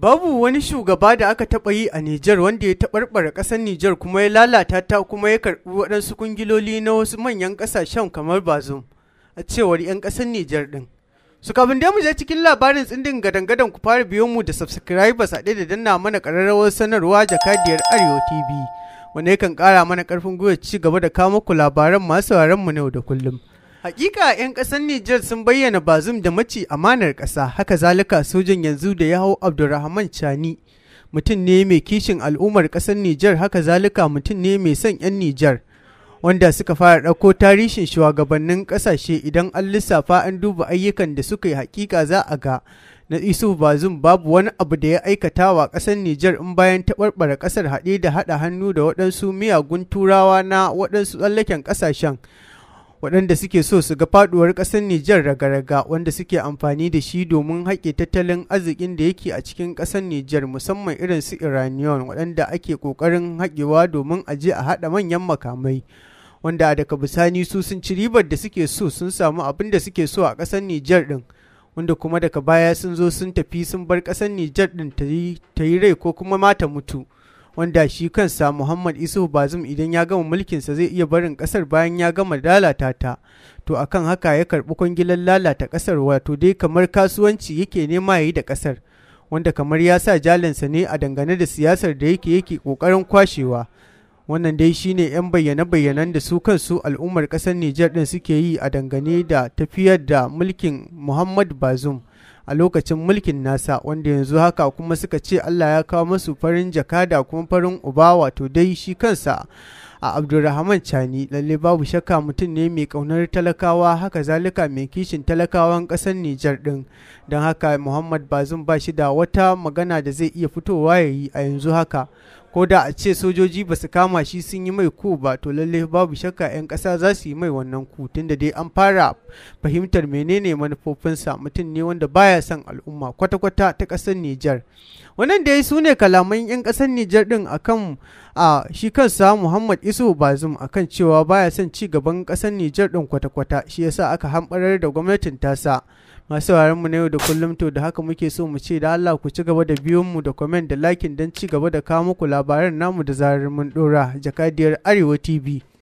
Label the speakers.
Speaker 1: Babu wani shugaba da aka taɓa yi a Nijar wanda ya taɓarɓara ƙasar Nijar kuma ya lalata ta kuma ya karɓi waɗansu kungiloli na wasu manyan ƙasashen kamar Bazum, a cewar 'yan ƙasar Nijar ɗin. Su kafin dai mu je cikin labarin tsindin gadan-gadan ku fara biyo mu da subscribers haɗe da danna mana ƙararrawar sanarwa jakadiyar Arewa TV, wanda yakan ƙara mana ƙarfin gwiwa ci gaba da kawo muku labaran masu mu na yau da kullum. Hakika 'yan ƙasar Nijar sun bayyana Bazum da mace amanar ƙasa, haka zalika sojan yanzu da ya hau Abdulrahman Chani. Mutum ne mai kishin al'ummar ƙasar Nijar, haka zalika mutum ne mai son 'yan Nijar. Wanda suka fara ɗauko tarihin shugabannin ƙasashe idan an lissafa an duba ayyukan da suka yi hakika za a ga. Na Isu Bazum babu wani abu da ya aikata wa ƙasar Nijar in bayan taɓarɓare ƙasar haɗe da haɗa hannu da waɗansu miyagun turawa na waɗansu tsallaken ƙasashen. waɗanda suke so su ga faduwar ƙasar Nijar raga-raga wanda suke amfani da shi domin haƙe tattalin arzikin da yake a cikin ƙasar Nijar musamman irin su Iraniyon waɗanda ake ƙoƙarin haƙewa domin a je a haɗa manyan makamai. Wanda daga bisani su sun ci ribar da suke so sun samu abin da suke so a ƙasar Nijar ɗin. Wanda kuma daga baya sun zo sun tafi sun bar ƙasar Nijar ɗin ta yi rai ko kuma mata mutu. wanda shi kansa Muhammad isuf Bazum idan ya gama mulkinsa zai iya barin kasar bayan ya gama lalata ta to akan haka ya karbi kwangilan lalata kasar wato dai kamar kasuwanci yake nema yi da ƙasar wanda kamar ya sa jalinsa ne a dangane da siyasar da yake yake kokarin kwashewa wannan dai shine 'yan bayyane-bayyanan da su kansu al'ummar ƙasar Nijar ɗin suke yi a dangane da tafiyar da mulkin Muhammad Bazum. a lokacin mulkin nasa wanda yanzu haka kuma suka ce Allah ya kawo masu farin jakada kuma farin uba wato dai shi kansa a abdulrahman cani lalle babu shakka mutum ne mai kaunar talakawa haka zalika mai kishin talakawan kasar nijar din don haka muhammad bazum ba shi da wata magana da zai iya fitowa ya yi a yanzu haka ko da a ce sojoji ba su kama shi sun yi mai ku ba to lalle babu shakka 'yan kasa za su yi mai wannan ku da dai an fara fahimtar menene manufofinsa mutum ne wanda baya son al'umma kwata-kwata ta ƙasar Nijar. wannan da ya su ne kalaman 'yan ƙasar Nijar ɗin akan a shi kansa Muhammad Isu Bazum akan cewa baya son ci gaban ƙasar Nijar ɗin kwata-kwata shi yasa aka hamɓarar da gwamnatin tasa masu mu na yau da kullum to da haka muke so mu ce da Allah ku ci gaba da biyon mu da comment da liking don ci gaba da kawo muku labaran namu da zarar mun dora jakadiyar arewa tv